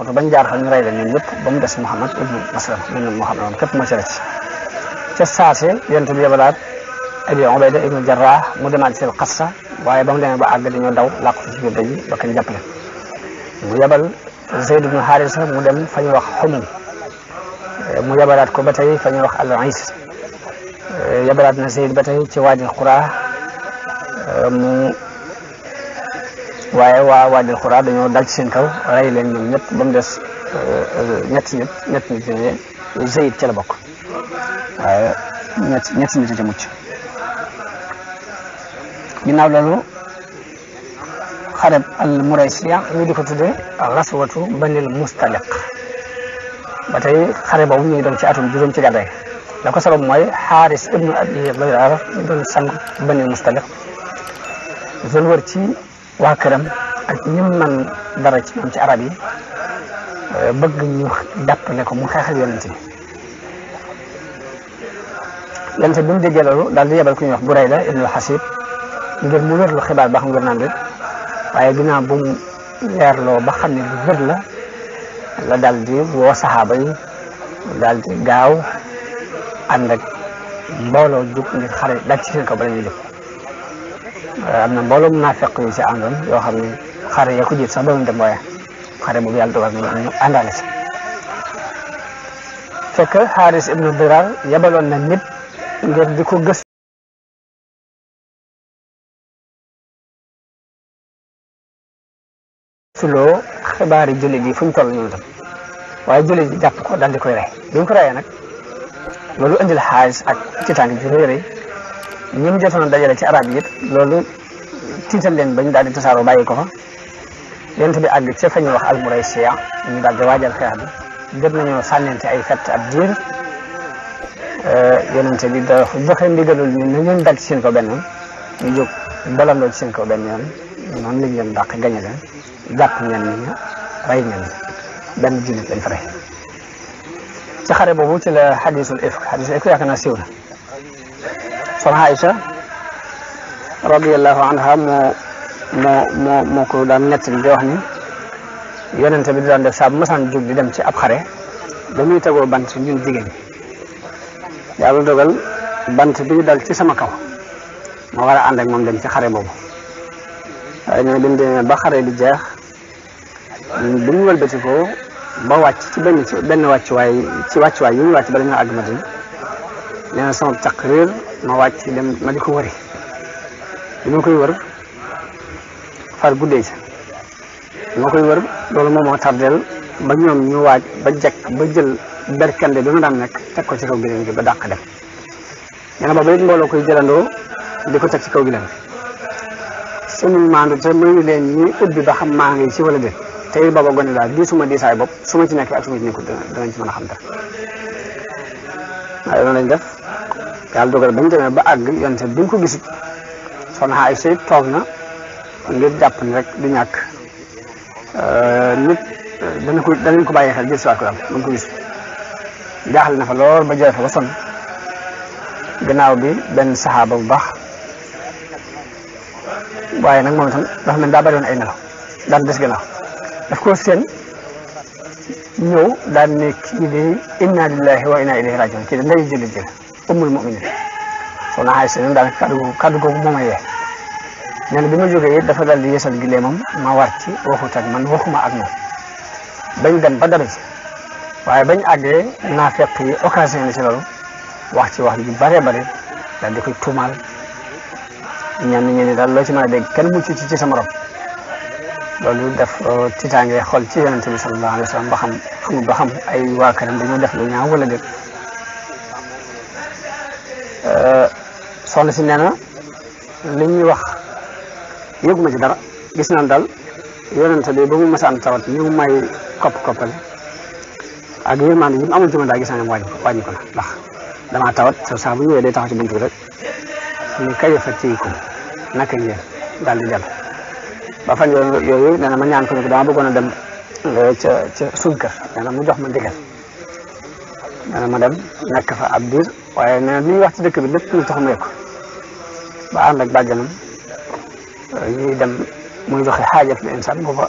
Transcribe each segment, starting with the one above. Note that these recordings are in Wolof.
làqatu bañ jaar fa ñu rey la ñoom ñëpp ba mu des Muhammad ibnu Maslama ibnu Muhammad képp moo ci rëcc ca saase yonent bi yebalaat Abi Ubayda ibnu Jarrah mu demaat seen xassa waaye ba mu demee ba àgg dañoo daw làqatu ci biir dëj ba kenn jàppale mu yebal Zayd ibnu Haarisa mu dem fa ñuy wax xumum mu yebalaat ko ba tey fa ñuy wax al-Ays yebalaat na Zayd ba tey ci waajil Quraa mu. waaye waa waadil xuraa dañoo dal ci seen kaw rey leen ñoom ñett ba mu des ñetti euh, ñett ñetti nit ñooñee Zayd ca la bokk waaye ñett ñetti nit ca mucc ginnaaw loolu xareb al muraysiya ñu di ko tuddee xaswatu banil mustaliq ba tey xare boobu ñu ngi doon ci atum juróom ci gàddaay la ko sabab mooy xaaris ibnu abi bayraar doon sang banil mustaliq doon wër ci waa këram ak ñi man dara ci yi euh, bëgg ñu jàppale ko mu xeexal yonent bi yonent bi mu déggee loolu daal di yebal ku ñuy wax Burayda ibnul Xasib ngir mu wérlu xibaar ba xam wér naan rek waaye ginnaaw bu mu leerloo ba xam ne lu wér la la daal di woo gaaw ànd ak mbooloo jug ngir xare daj ci seen kaw bala ñuy jóg am na mbooloo munaafeq yu si àndoon yoo xam ne xare ya ko jiit sax doon dem waaye xare bu yàlla dogal nañu ñu àndaale si fekk Xaaris ibnu Birar yebaloon na nit ngir di ko gës suloo xibaari jullit yi fu ñu toll ñoom waaye jullit yi jàpp ko daal di koy rey bi ñu ko reyee nag loolu indil Xaaris ak ci tàng ju ñun mu jotoon dajale ci arab yi lolu tital tiital leen ba ñu di tassaro baye ko fa yent bi ag ci fañu wax al almuraysiya ñu dal di wajal xéx bi jot nañu sànnente ay fat ab diir yonent bi da joxe ndigalul ni na dal ci seen ko benn ñu jóg dalandoo ci seen ko benn yoon noonu lañ leen dàq gañe leen jàpp ñenn ñi rey ñenn benn jullit lañ fa rey ci xare boobu ci la xadisul ifk xadisul ifk yaakaar naa soxna Aïcha radiyallahu anha moo moo moo moo ko daan nettali di wax ni yonente bi di daan def saa bu masaan di dem ci ab xare ba muy tegoo bant ñun jigéen yàlla dogal bant bi dal ci sama kaw ma war a ànd ak moom dem ci xare boobu waaye nee na bi ba xare di jeex bi ñu wëlbatikoo ba wàcc ci benn ci benn wàccuwaay ci wàccuwaay yi ñu wàcc bala ñoo àgg matin nee sama caq ma ci dem ma di ko wëri li ma koy wër far guddee sa li koy wër loolu moom moo tardeel ba ñoom ñu waaj ba jekk ba jël berkende bi ma daan nekk teg ko ci kaw gileem gi ba dàq dem nee na booba mbooloo koy jëlandoo di ko teg ci kaw gileem suñu maandu te mayu leen ñuy ubbi ba xam maa ngi ci wala déet te it booba gone daal bii suma diisaay bopp su ma ci nekk ak su ma ci nekkul danañ ci mën a xam dara waaye loolu lañ def yàlla dogal ba ñu demee ba àgg yonte bi ñu ko gisut soxna Aysa it toog na ngir jàpp ni rek du ñàkk nit dana ko danañ ko bàyyi xel jël siwaat ko daal ba ñu fa lool ba jooy fa ba sonn bi benn saxaaba bu baax waaye nag moom itam dafa mel daa bari woon ay nelaw daan des gannaaw daf ko seen ñëw daan ne kii de inna lillahi wa inna ilayhi rajiun kii de ndeyu jullit jël ummul muminin kon Aysa ñun daal kaddu kaddu googu moo ma yee nee na bi ma jógee it dafa dal di yeesal gileemam ma war ci waxut ak man waxuma ak moom bañ dem ba dara ci waaye bañ àggee naa fekk yi occasion ni ci loolu wax ci wax ju bare bare daal di koy tuumaal ñenn ñi ne daal loo ci mën a dégg kenn mucc ci ci sama rob loolu def euh, tiitaange xool ci yonente bi sallallahu alayhi wa sallam ba xam xamul ba xam ay waa këram dañoo def lu ñaaw soxna si nee na li ñuy wax yëguma ci dara gis naan daal yonente bi ba mu masaan tawat ni mu may kopp-koppale ak yërmande yi mu amoon ci man daa gis naa ne wàññi wàññi ko na tawat sa bu ñëwee day taxaw ci buntu bi rek mu kay fa téy ko naka ngeen daal di dem ba fan yooyu yooyu nee na ma ñaan ko ne ko dama bëggoon a dem ca ca suñ na mu jox ma ndigal nee na ma dem nekk fa ab diir waaye nee na li ñuy wax ci dëkk bi lépp lu taxaw ko ba ànd ak bàjjanam ñuy dem muy doxee xaajat na insaan booba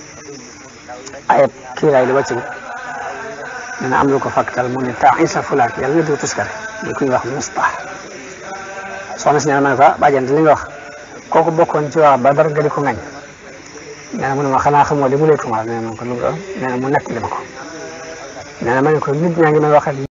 ayat kiiraay li wàcc nee na am lu ko fàktal mu ne taa isa fulaak yàlla na doo tuskare muy ku ñuy wax mustax soxna si nee na ma ne ko ah, bàjjan li nga wax kooku bokkoon ci waa ba nga di ko ngañ nee na mu ne ma xanaa xamoo li mu lay ma ko lu mu nekk li ma ko nee na ma ne ko nit ñaa ngi may waxal